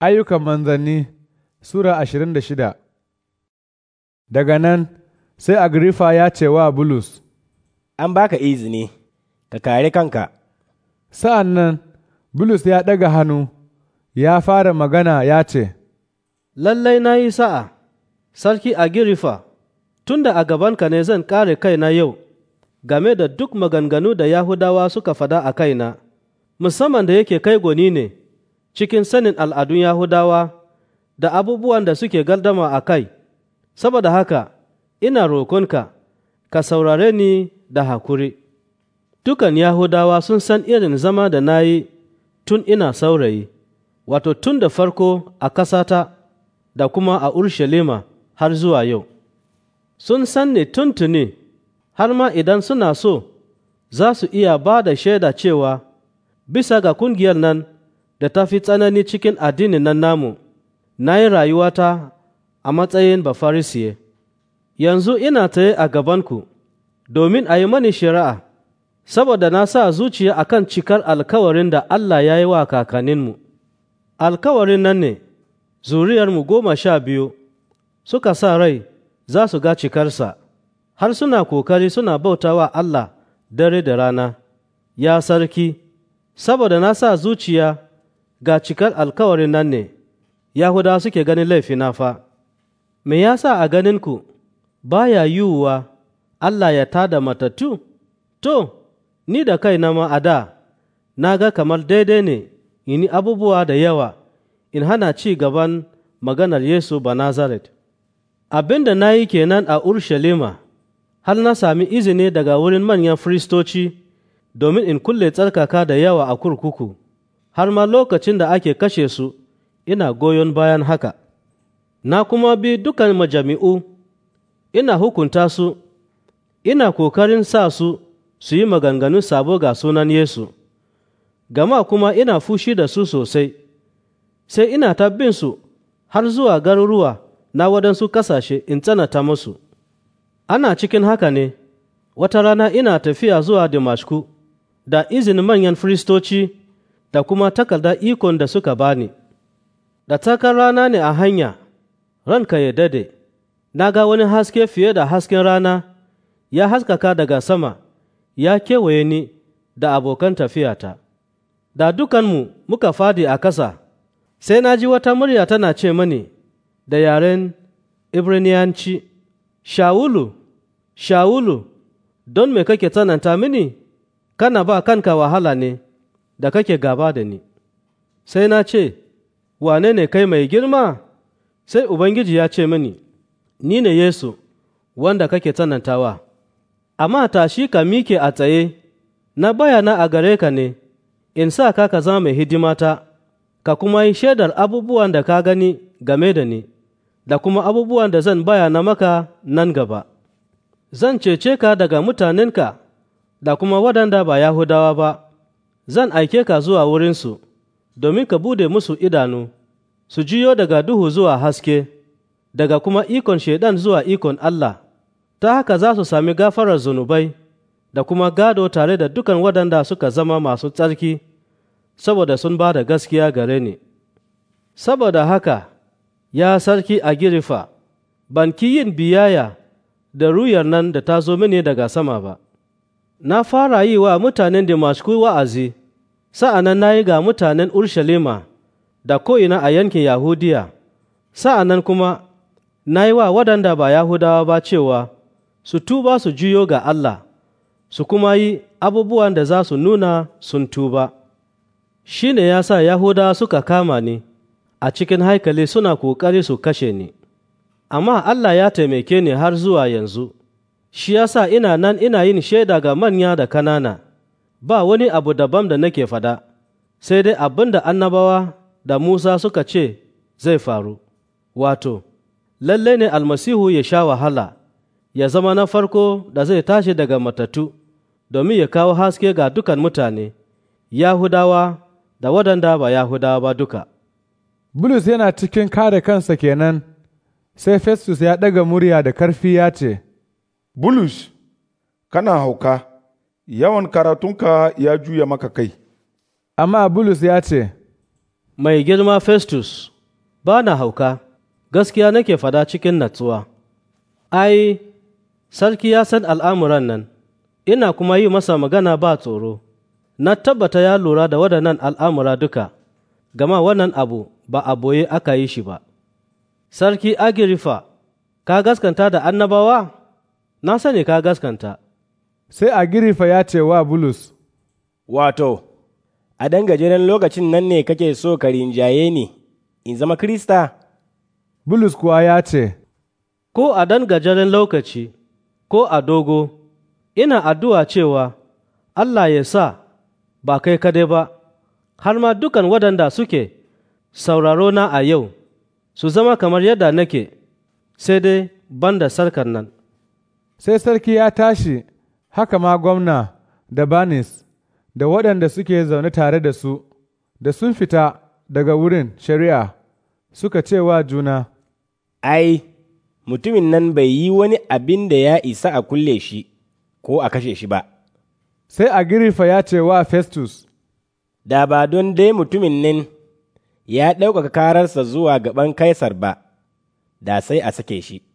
Ayyukan manzanni Sura ashirin da shida Daga nan sai Agrifa ya ce wa Bulus, An baka izini, ka kare kanka. Sa'an nan Bulus ya ɗaga hannu, ya fara magana ya ce, Lallai na yi sa'a, Sarki Agrifa, tun da a gabanka ne zan kare kai na yau, game da duk maganganu da Yahudawa suka fada a kaina, musamman da yake kai goni ne. cikin sanin al'adun Yahudawa da abubuwan da suke galdama a kai, saboda haka ina rokonka ka saurare ni da hakuri. Dukan Yahudawa sun san irin zama da na yi tun ina saurayi, wato tun da farko a ƙasata da kuma a Urshalima har zuwa yau. Sun san ni tuntuni har ma idan suna so za su iya ba da shaida cewa bisa ga ƙungiyar nan da ta fi tsanani cikin addinin nan namu, na yi rayuwata a matsayin bafarisiye. Yanzu ina tsaye a gabanku domin a yi mani shari'a, saboda na sa zuciya a kan cikar alkawarin da Allah ya yi wa kakanninmu. Alkawarin nan ne, zuriyarmu goma sha biyu suka sa rai za su ga cikarsa, har suna kokari suna bauta wa Allah dare da rana, ya sarki, saboda na sa zuciya ga cikar alkawarin nan ne, Yahuda suke ganin laifina fa, me ya sa a ganinku ba ya yiwuwa Allah ya tada matattu? To, ni da kaina ma a da, na ga kamar daidai ne in yi abubuwa da yawa in hana ci gaban maganar Yesu ba Nazaret. Abin da na yi kenan a Urshalima, har na sami izini daga wurin manyan firistoci domin in kulle tsarkaka da yawa a kurkuku. har ma lokacin da ake kashe su ina goyon bayan haka na kuma bi dukan majami'u ina hukunta su ina kokarin sa su su yi maganganu sabo ga sunan Yesu gama kuma ina fushi da su sosai sai ina ta bin su har zuwa garuruwa na waɗansu ƙasashe in tsanata musu ana cikin haka ne wata rana ina tafiya zuwa Dimashku da izinin manyan firistoci da kuma takarda ikon da suka bani. Da takar rana ne a hanya, ranka ya dade, na ga wani haske fiye da hasken rana, ya haskaka daga sama, ya kewaye ni da abokan tafiyata. Da dukanmu muka fadi a kasa. sai na ji wata murya tana ce mani da yaren Ibraniyanci, Shawulu, Shawulu, don me kake tsananta mini, kana ba kanka wahala ne. da kake gaba da ni, sai na ce, Wane ne kai mai girma? Sai Ubangiji ya ce mini, Ni ne Yesu, wanda kake tsanantawa, amma tashi ka mike a tsaye, na bayana a gare ka ne, in sa ka ka zama mai hidimata, ka kuma yi shaidar abubuwan da ka gani game da ni, da kuma abubuwan da zan bayana maka nan gaba. Zan cece ka daga mutanenka da kuma waɗanda ba Yahudawa ba. zan aike ka zuwa wurinsu domin ka bude musu idanu su jiyo daga duhu zuwa haske daga kuma ikon shaidan zuwa ikon Allah ta haka za su sami gafarar zunubai da kuma gado tare da dukan waɗanda suka zama masu tsarki saboda sun ba da gaskiya gare ni saboda haka ya sarki a girifa ban ki yin biyaya da ruyar nan da ta zo mini daga sama ba na fara yi wa mutanen Damasku wa'azi, sa'anan na yi ga mutanen Urshalima da ko'ina a yankin Yahudiya, sa'anan kuma na yi wa waɗanda ba Yahudawa ba cewa su tuba su juyo ga Allah, su kuma yi abubuwan da za su nuna sun tuba. Shi ne ya sa Yahudawa suka kama ni a cikin haikali suna ƙoƙari su kashe ni, amma Allah ya taimake ni har zuwa yanzu. shi yasa ina nan ina yin shaida ga manya da kanana, ba wani abu dabam da nake fada, sai dai abin da annabawa da Musa suka ce zai faru, wato, lalle ne almasihu ya sha wahala, ya zama na farko da zai tashi daga matatu domin ya kawo haske ga dukan mutane, Yahudawa da waɗanda ba Yahudawa ba duka. Bulus yana cikin kare kansa kenan, sai Festus ya ɗaga murya da karfi ya ce, Bulus, kana hauka, yawan karatunka ya juya maka kai. Amma Bulus ya ce, Mai girma Festus, ba na hauka, gaskiya nake fada cikin natsuwa. Ai, sarki ya san al'amuran nan, ina kuma yi masa magana ba tsoro, na tabbata ya lura da waɗannan al'amura duka, gama wannan abu ba a boye aka yi shi ba. Sarki Agirifa, ka gaskanta da annabawa? na sani ka gaskanta. Sai Agirifa ya ce wa Bulus, Wato, a danga gajeren lokacin nan ne kake so ka rinjaye ni, in zama Krista? Bulus kuwa ya ce, Ko a dan gajeren lokaci, ko a dogo, ina addu'a cewa Allah ya sa ba kai kadai ba, har ma dukan waɗanda suke sauraro na a yau, su zama kamar yadda nake, sai dai ban da sarkar nan. sai sarki ya tashi, haka ma gwamna da Banis da waɗanda suke zaune tare da su, da sun fita daga wurin shari'a suka ce wa juna, Ai, mutumin nan bai yi wani abin da ya isa a kulle shi ko a kashe shi ba. Sai girifa ya ce wa Festus, Da ba don dai mutumin nan ya ɗaukaka kararsa zuwa gaban Kaisar ba, da sai a sake shi.